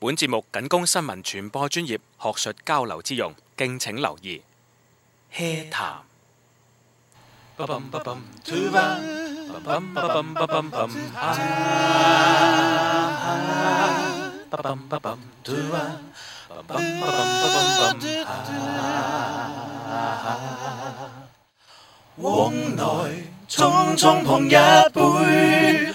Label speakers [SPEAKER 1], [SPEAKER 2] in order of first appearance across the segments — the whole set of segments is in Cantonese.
[SPEAKER 1] 本節目僅供新聞傳播專業學術交流之用，敬請留意。嘿 Hey, time.，談。往內匆匆碰一杯，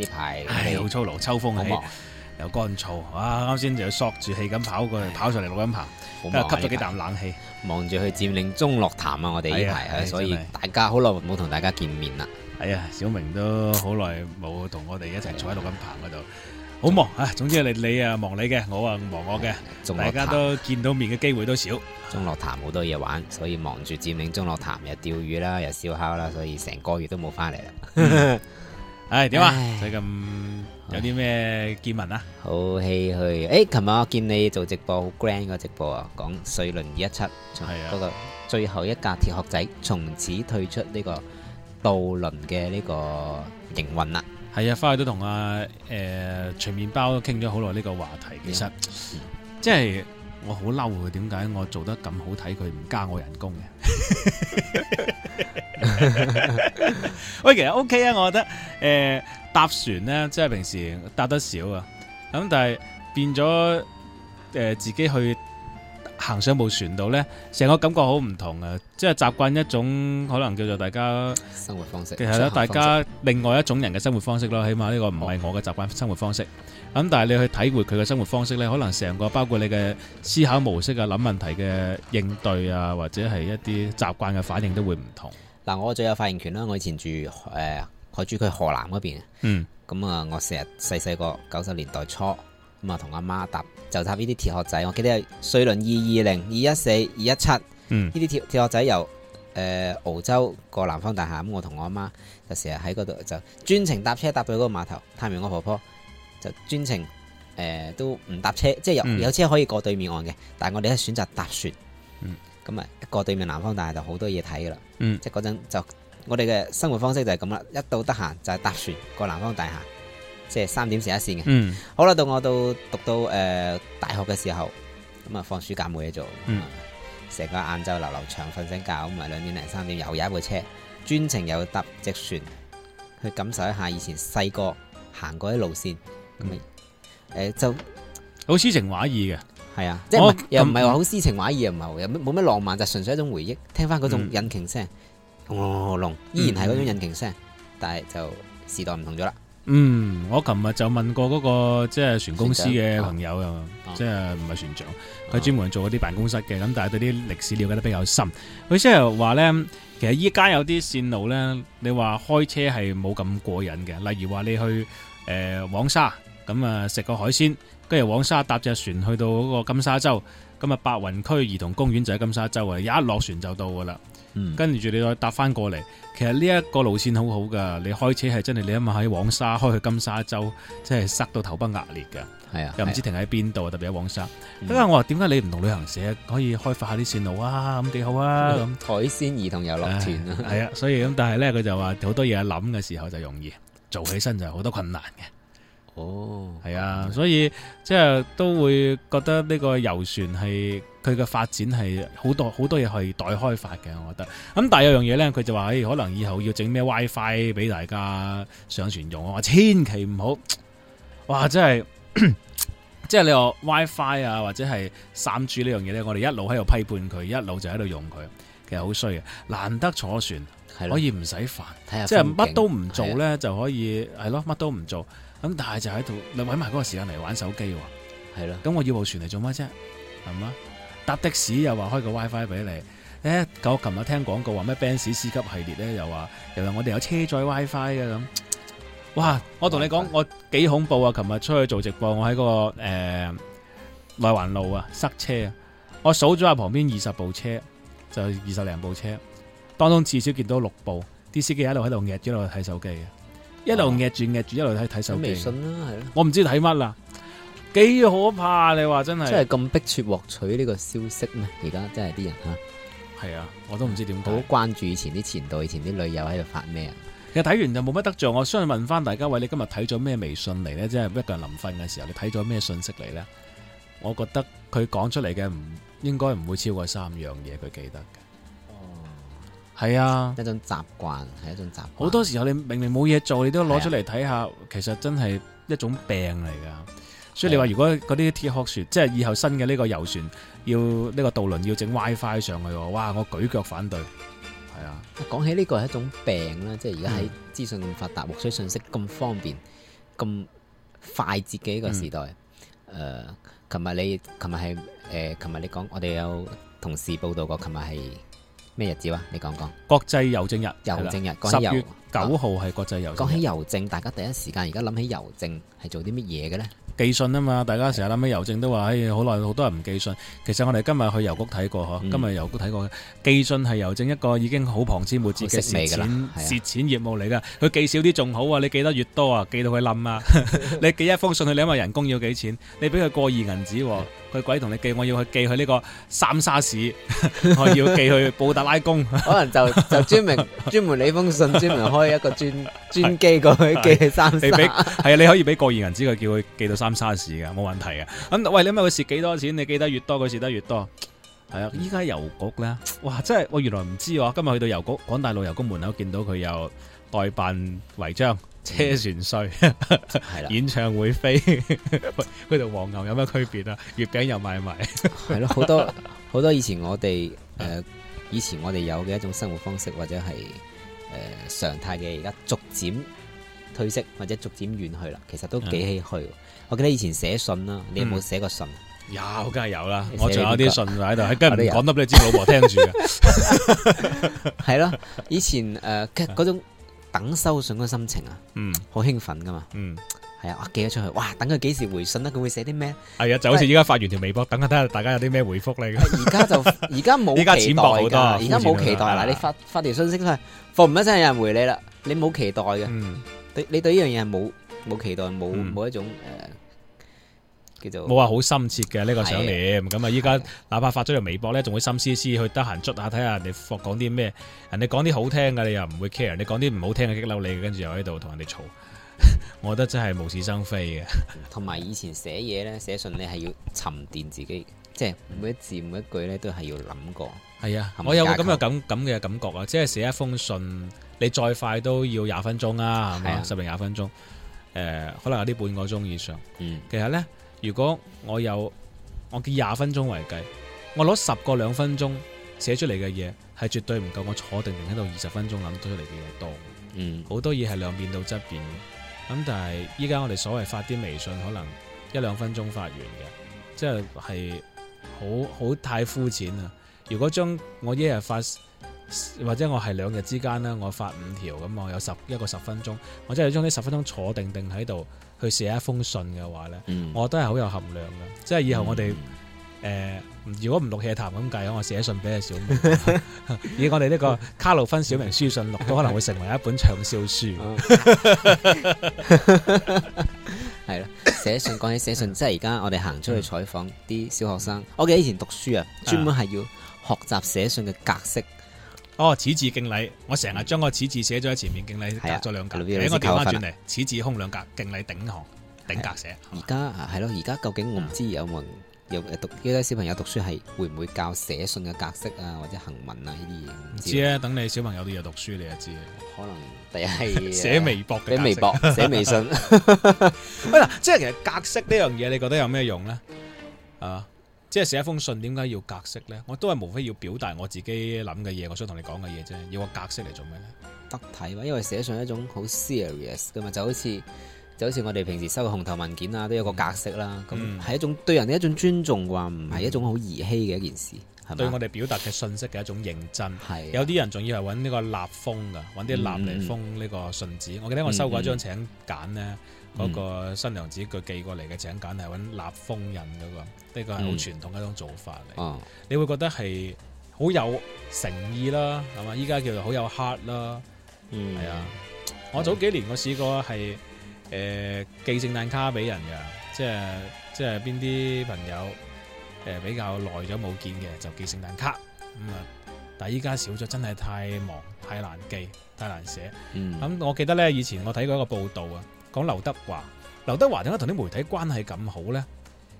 [SPEAKER 2] 呢排好操勞，秋風起
[SPEAKER 1] 又乾燥，哇！啱先就索住氣咁跑過嚟，跑上嚟錄音棚，都吸咗幾啖冷
[SPEAKER 2] 氣，忙住去佔領中樂潭啊！我哋呢排，所以大家好耐冇同大家見面啦。
[SPEAKER 1] 哎呀，小明都好耐冇同我哋一齊坐喺錄音棚嗰度，好忙
[SPEAKER 2] 啊！總之你你啊忙你嘅，我啊忙我嘅，大家都見到面嘅機會都少。中樂潭好多嘢玩，所以忙住佔領中樂潭，又釣魚啦，又燒烤啦，所以成個月都冇翻嚟啦。唉，點啊？最近有啲咩見聞啊？好唏嘘。誒，琴晚我見你做直播好 grand 個直播啊，講水輪一七，係啊，嗰個最後一架鐵殼仔從此退出呢個渡輪嘅呢個營運啦。係啊，翻去都同阿誒隨麵包
[SPEAKER 1] 都傾咗好耐呢個話題。其實即係我好嬲佢，點解我做得咁好睇，佢唔加我人工嘅？喂， 其實 OK 啊，我覺得誒搭船呢，即係平時搭得少啊，咁但係變咗誒自己去行上部船度呢，成個感覺好唔同啊！即係習慣一種可能叫做大家
[SPEAKER 2] 生活方式，其實大家
[SPEAKER 1] 另外一種人嘅生活方式咯，起碼呢個唔係我嘅習慣生活方式。咁但係你去體會佢嘅生活方式呢，可能成個包括你嘅思考模式啊、諗問題嘅
[SPEAKER 2] 應對啊，或者係一啲習慣嘅反應都會唔同。嗱，但我最有發言權啦！我以前住誒、呃、海珠區河南嗰邊，咁啊、嗯嗯，我成日細細個九十年代初，咁啊，同阿媽搭就搭呢啲鐵殼仔，我記得係穗輪二二零、二一四、二一七，呢啲鐵鐵殼仔由誒、呃、澳洲過南方大廈，咁我同我阿媽就成日喺嗰度就專程搭車搭到嗰個碼頭探完我婆婆，就專程誒、呃、都唔搭車，即係有、嗯、有車可以過對面岸嘅，但係我哋咧選擇搭船。嗯。咁啊，一過對面南方大廈就好多嘢睇噶啦，即係嗰陣就我哋嘅生活方式就係咁啦。一到得閒就係搭船過南方大廈，即係三點成一線嘅。好啦、啊，到我到讀到誒、呃、大學嘅時候，咁啊放暑假冇嘢做，成、嗯、個晏晝流流長瞓醒覺，咁啊兩點零三點又有一部車專程又搭隻船去感受一下以前細個行過啲路線，咁啊誒就好詩情畫意嘅。係啊，即係、嗯、又唔係話好詩情畫意又唔係，又冇乜浪漫，就純粹一種回憶，聽翻嗰種引擎聲，轟、嗯哦嗯、依然係嗰種引擎聲，嗯、但係就時代唔同咗啦。
[SPEAKER 1] 嗯，我琴日就問過嗰、嗰個即係船公司嘅朋友啊，即係唔係船長，佢、啊、專門做啲辦公室嘅，咁、啊、但係對啲歷史了解得比較深。佢即係話咧，其實依家有啲線路咧，你話開車係冇咁過癮嘅，例如話你去誒、呃、黃沙咁啊食個海鮮。跟住黃沙搭隻船去到嗰個金沙洲，咁啊白雲區兒童公園就喺金沙洲啊，一落船就到噶啦。跟住、嗯、你再搭翻過嚟，其實呢一個路線很好好噶。你開車係真係你諗下喺黃沙開去金沙洲，真係塞到頭崩額裂噶。係啊，又唔知道停喺邊度，特別喺黃沙。點解、嗯、我話點解你唔同旅行社可以開發一下啲線路啊？咁幾好啊！咁
[SPEAKER 2] 海鮮兒童遊樂團啊，係啊，
[SPEAKER 1] 所以咁但係咧佢就話好多嘢諗嘅時候就容易，做起身就好多困難嘅。 哦，係、oh，啊，嗯、所以即係都會覺得呢個遊船係佢嘅發展係好多好多嘢係待開發嘅，我覺得。咁但係有樣嘢呢，佢就話誒、哎，可能以後要整咩 WiFi 俾大家上船用。我話千祈唔好，哇！真係，即係你話 WiFi 啊，或者係三 G 呢樣嘢呢，我哋一路喺度批判佢，一路就喺度用佢，其實好衰嘅，難得坐船，可以唔使煩，是的即係是乜都唔做呢，的就可以係咯，乜都唔做。咁但係就喺度，你搵埋嗰個時間嚟玩手機喎，係咯了？咁我要部船嚟做乜啫？係嘛？搭的士又話開個 WiFi 俾你，誒、欸！我琴日聽廣告話咩？Benz C 級系列咧，又話原來我哋有車載 WiFi 嘅咁。哇！我同你講，我幾恐怖啊！琴日出去做直播，我喺、嗰個誒內、呃、環路啊，塞車啊，我數咗下旁邊二十部車，就二十零部車，當中至少見到六部啲司機喺度喺度壓咗落度睇手機嘅。一路搲住搲住，哦、一路睇睇手。微信啦，係我唔知睇乜啦，幾可怕！你話真係真係咁
[SPEAKER 2] 迫切獲取呢個消息咩？而家真係啲人吓，係啊，我都唔知點好關注以前啲前度，以前啲女友喺度發咩啊？其
[SPEAKER 1] 實睇完就冇乜得着。我想問翻大家，喂，你今日睇咗咩微信嚟呢？即係一個人臨瞓嘅時候，你睇咗咩信息嚟呢？我覺得佢講出嚟嘅唔應該唔會超過三
[SPEAKER 2] 樣嘢，佢記得嘅。係啊，一種習慣係一種習慣。好
[SPEAKER 1] 多時候你明明冇嘢做，你都攞出嚟睇下，是的其實真係一種病嚟㗎。所以你話如果嗰啲鐵殼船，是的即係以後新嘅呢個遊船，要呢個渡輪要整 WiFi
[SPEAKER 2] 上去，哇！我舉腳反對。係啊，講起呢個係一種病啦，嗯、即係而家喺資訊咁發達、獲取信息咁方便、咁快捷嘅一個時代。誒、嗯，琴、呃、日你，琴日係誒，琴、呃、日你講，我哋有同事報道過，琴日係，咩日子啊？你講講國際郵政日，郵政日，十月。九號係國際郵政。講、啊、起郵政，大家第一時間而家諗起郵政係做啲乜嘢嘅呢？寄
[SPEAKER 1] 信啊嘛，大家成日諗起郵政都話，哎，好耐好多人唔寄信。其實我哋今日去郵局睇過、嗯、今日郵局睇過，寄信係郵政一個已經好旁支末節嘅蝕錢蝕錢業務嚟噶。佢、啊、寄少啲仲好啊，你寄得越多得啊，寄到佢冧啊！你寄一封信，佢諗下人工要幾錢？你俾佢過二銀紙，佢鬼同你寄。我要去寄去呢個三沙市， 我要寄去布達拉宮。 可能就就專 門專門呢封信專門開。開一個專
[SPEAKER 2] 專機過去 是寄去三沙給，
[SPEAKER 1] 係啊， 你可以俾過億人知，佢，叫佢寄到三沙市噶，冇問題啊。咁，喂，你咁佢蝕幾多少錢？你記得越多，佢蝕得越多。係啊，依家郵局咧，哇，真係我原來唔知喎、啊。今日去到郵局，廣大路郵局門口見到佢又代辦違章、車船稅、係啦、演唱會飛，佢同 黃牛有咩區別啊？月餅又賣埋。賣？係咯，好多
[SPEAKER 2] 好 多以前我哋誒、呃，以前我哋有嘅一種生活方式或者係。誒、呃，常態嘅而家逐漸褪色，或者逐漸遠去啦。其實都幾唏噓。嗯、我記得以前寫信啦，你有冇寫過信？嗯、有，梗係有啦。寫你 我仲有啲信喺度，梗係唔講得俾你知，老婆聽住嘅。係咯，以前誒，呃、嗰種。啊等收信嗰心情啊，嗯，好興奮噶嘛，嗯，係啊，我寄咗出去，哇，等佢幾時回信啊？佢會寫啲咩？係啊，就好似依家發完條微博，等下睇下大家有啲咩回覆你。而家就而家冇期待好多，啊，而家冇期待嗱，你發發條信息出去，放唔一聲有人回你啦，你冇期待嘅，嗯，你對呢樣嘢係冇冇期待，冇冇、嗯、一種誒。呃冇話好
[SPEAKER 1] 深切嘅呢、呢個想念咁啊！依家的的哪怕發咗條微博咧，仲會心思思去得閒捽下睇下人哋講講啲咩，人哋講啲好聽嘅你又唔會 care，人哋講啲唔好聽嘅激
[SPEAKER 2] 嬲你，跟住又喺度同人哋嘈， 我覺得真係無事生非嘅。同埋以前寫嘢咧，寫信你係要沉澱自己， 即係每一字每一句咧都係要諗過。
[SPEAKER 1] 係啊的，係係我有咁有咁咁嘅感覺啊！即係寫一封信，你再快都要廿分鐘啊，係嘛？十零廿分鐘，誒的、呃，可能有啲半個鐘以上。嗯、其實咧。如果我有我嘅廿分鐘為計，我攞十個兩分鐘寫出嚟嘅嘢，係絕對唔夠我坐定定喺度二十分鐘諗到出嚟嘅嘢多。嗯，好多嘢係量變到質變嘅。咁但係依家我哋所謂發啲微信，可能一兩分鐘發完嘅，即係係好好太膚淺呀。如果將我一日發或者我係兩日之間呢，我發五條咁，我有十一個十分鐘，我真係將呢十分鐘坐定定喺度去寫一封信嘅話呢、嗯、我都係好有含量噶。即係以後我哋誒、嗯呃，如果唔錄《hea 談》咁計，我寫信俾阿小明，嗯嗯、以我哋呢個卡路芬小明書信錄，嗯、都可能會成為一本暢銷
[SPEAKER 2] 書。係啦，寫信講起寫信，即係而家我哋行出去採訪啲小學生。我記得以前讀書啊，專門係要學習寫信嘅格式。
[SPEAKER 1] 哦，此字敬禮，我成日將個此字寫咗喺前面敬禮隔咗兩格，俾對我調翻轉嚟，此字空兩格，敬禮頂行頂格寫。
[SPEAKER 2] 而家係咯，而家嗎究竟我唔知有冇有誒、嗯、讀依家小朋友讀書係會唔會教寫信嘅格式啊或者行文啊呢啲嘢？唔
[SPEAKER 1] 知，知啊，等你小朋友都有讀書你就知。可能第一係寫微博嘅，寫微博，寫微信。喂，嗱，即係其實格式呢樣嘢，你覺得有咩用咧？啊、uh,！即係寫一封信，點解要格式咧？我都係無非要表達我自己諗嘅嘢，我想同你講嘅嘢啫。要個格式嚟做咩咧？
[SPEAKER 2] 得體嘛，因為寫信係一種好 serious, 好 serious 嘅嘛，就好似就好似我哋平時收嘅紅頭文件啊，都有個格式啦。咁係一種、嗯、對人嘅一種尊重嘅話，唔係一種好兒戲嘅一件事。係嘛、嗯？吧對我哋表達
[SPEAKER 1] 嘅信息嘅一種認真。啊、有啲人仲以為揾呢個蠟封嘅，揾啲蠟嚟封呢個信紙。嗯、我記得我收過一張請柬咧。嗯嗯嗰、嗯、個新娘子佢寄過嚟嘅請柬係揾立封印嗰、這個，呢個係好傳統嘅一種做法嚟。嗯啊、你會覺得係好有誠意啦，係嘛？依家叫做好有 heart 啦，嗯，係啊。我早幾年我試過係誒、呃、寄聖誕卡俾人嘅，即係即係邊啲朋友誒、呃、比較耐咗冇見嘅就寄聖誕卡咁啊、嗯。但係依家少咗，真係太忙、太難寄、太難寫。咁、嗯、我記得咧，以前我睇過一個報道啊。講劉德華，劉德華點解同啲媒體關係咁好呢？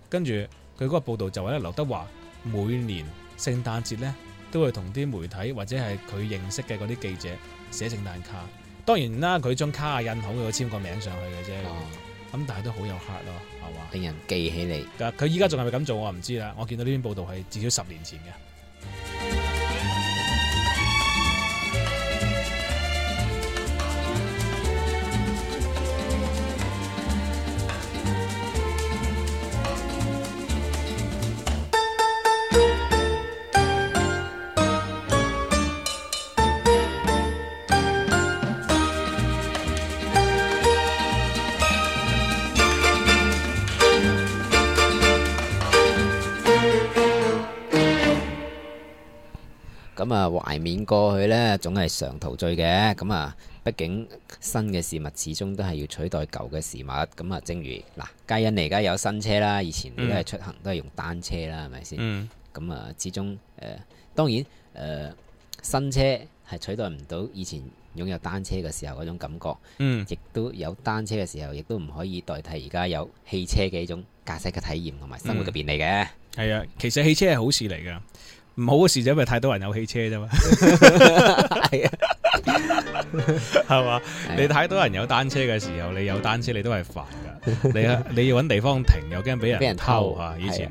[SPEAKER 1] 跟住佢嗰個報道就話咧，劉德華每年聖誕節呢都會同啲媒體或者係佢認識嘅嗰啲記者寫聖誕卡。當然啦，佢張卡印好，佢簽個名上去嘅啫。咁、哦、但係都好有 heart 咯，係
[SPEAKER 2] 嘛？令人記起你。
[SPEAKER 1] 佢依家仲係咪咁做我唔知啦。我見到呢篇報道係至少十年前嘅。
[SPEAKER 2] 咁啊，懷緬過去呢，總係常陶醉嘅。咁啊，畢竟新嘅事物始終都係要取代舊嘅事物。咁啊，正如嗱，皆、啊、因你而家有新車啦，以前你都係、嗯、出行都係用單車啦，係咪先？嗯咁啊、嗯，始終誒、呃，當然誒、呃，新車係取代唔到以前擁有單車嘅時候嗰種感覺。嗯，亦都有單車嘅時候，亦都唔可以代替而家有汽車嘅一種駕駛嘅體驗同埋生活嘅便利嘅。
[SPEAKER 1] 係啊、嗯，其實汽車係好事嚟噶，唔好嘅事就因為太多人有汽車啫嘛。係啊，係嘛，你太多人有單車嘅時候，你有單車你都係煩噶。 你啊，你要搵地方停，又驚俾人俾人偷啊，以前。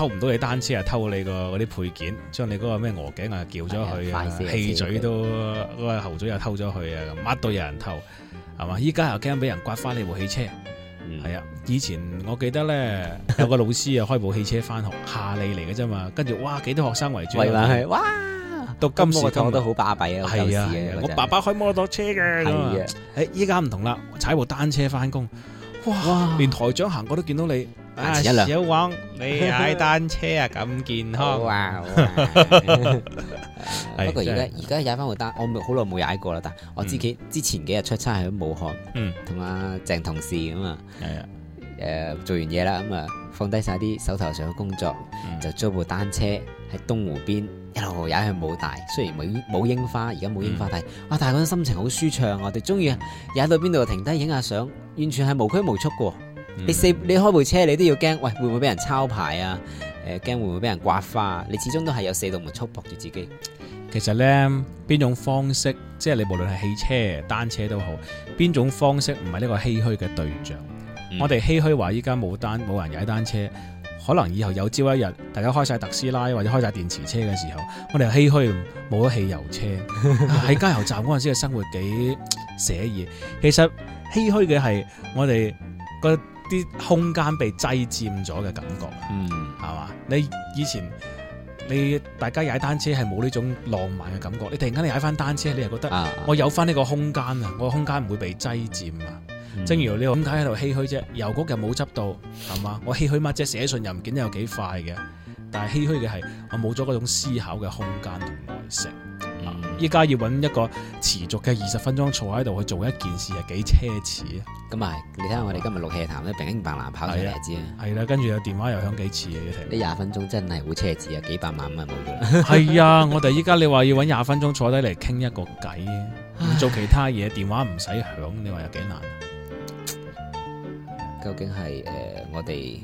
[SPEAKER 1] 偷唔到你單車啊，偷你個嗰啲配件，將你嗰個咩鵝頸啊叫咗佢啊，氣嘴都嗰喉嘴又偷咗佢啊，乜都有人偷，係嘛？依家又驚俾人刮翻你部汽車，係啊！以前我記得咧，有個老師啊開部汽車翻學，夏利嚟嘅啫嘛，跟住哇幾多學生圍住，哇
[SPEAKER 2] 讀金屬都好巴閉啊，係啊！我爸
[SPEAKER 1] 爸開摩托車嘅，誒依家唔同啦，我踩部單車翻工，哇連台長行過都見到你。
[SPEAKER 2] 啊，小王，你踩單車啊，咁健康啊！不過而家而家踩翻部單，我好耐冇踩過啦。但係我之前之前幾日出差去咗武漢，嗯，同阿鄭同事咁啊，誒，做完嘢啦，咁啊，放低晒啲手頭上嘅工作，就租部單車喺東湖邊一路踩去武大。雖然冇冇櫻花，而家冇櫻花，但係啊，但係嗰種心情好舒暢，我哋中意踩到邊度停低影下相，完全係無拘無束噶。你四你開部車你都要驚，喂，會唔會俾人抄牌啊？誒、呃、驚會唔會俾人颳花？你始終都係有四道門束縛住自己。
[SPEAKER 1] 其實呢，邊種方式，即係你無論係汽車、單車都好，邊種方式唔係呢個唏噓嘅對象。嗯、我哋唏噓話依家冇單冇人踩單車，可能以後有朝一日大家開晒特斯拉或者開晒電池車嘅時候，我哋唏噓冇咗汽油車喺、 啊、加油站嗰陣時嘅生活幾寫意。其實唏噓嘅係我哋啲空間被擠佔咗嘅感覺，嗯，係嘛？你以前你大家踩單車係冇呢種浪漫嘅感覺，你突然間你踩翻單車，你又覺得我有翻呢個空間啊，我空間唔會被擠佔啊。嗯、正如你點解喺度唏噓啫，郵局又冇執到，係嘛？我唏噓乜啫？寫信又唔見得有幾快嘅，但係唏噓嘅係我冇咗嗰種思考嘅空間同耐性。依家、嗯、要揾一個持續嘅二十分鐘坐喺度去做
[SPEAKER 2] 一件事，係幾奢侈啊！咁啊，你睇下我哋今日 hea 談咧，平平白凡跑咗嚟知，啊，係啦，跟住有電話又響幾次嘅，你廿、嗯、分鐘真係好奢侈啊！幾百萬蚊冇咗，係
[SPEAKER 1] 啊！ 我哋依家你話要揾廿分鐘坐低嚟傾一個偈，唔唉做其他嘢，電話唔
[SPEAKER 2] 使響，你話有幾難？究竟係誒、呃，我哋？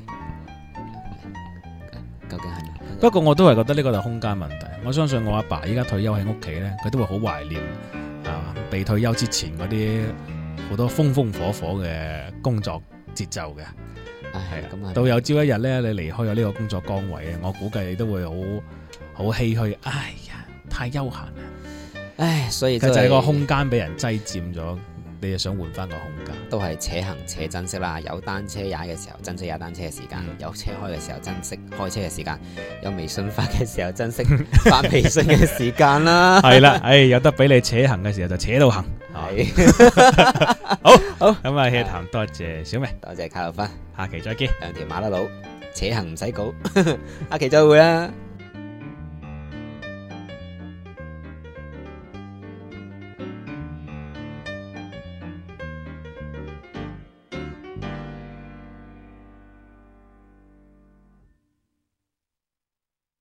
[SPEAKER 1] 究竟係，不過我都係覺得呢個係空間問題。我相信我阿爸依家退休喺屋企呢，佢都會好懷念啊！被退休之前嗰啲好多風風火火嘅工作節奏嘅，
[SPEAKER 2] 係到有
[SPEAKER 1] 朝一日呢，你離開咗呢個工作崗位，我估計你都會好好唏噓。
[SPEAKER 2] 哎呀，太悠閒啦！唉、哎，所以佢就係個空間俾人擠佔咗。你又想換返個空間？都係且行且珍惜啦！有單車踩嘅時候，珍惜踩單車嘅時間；有車開嘅時候，珍惜開車嘅時間；有微信發嘅時候，珍惜發微信嘅時間啦！係啦，
[SPEAKER 1] 誒、哎、有得俾你且行嘅時候就扯到行。對 好好咁啊，hea 談多對謝，謝小明，多謝卡路芬，下期再見。兩條馬
[SPEAKER 2] 拉佬，扯行唔使稿，阿奇再會啦！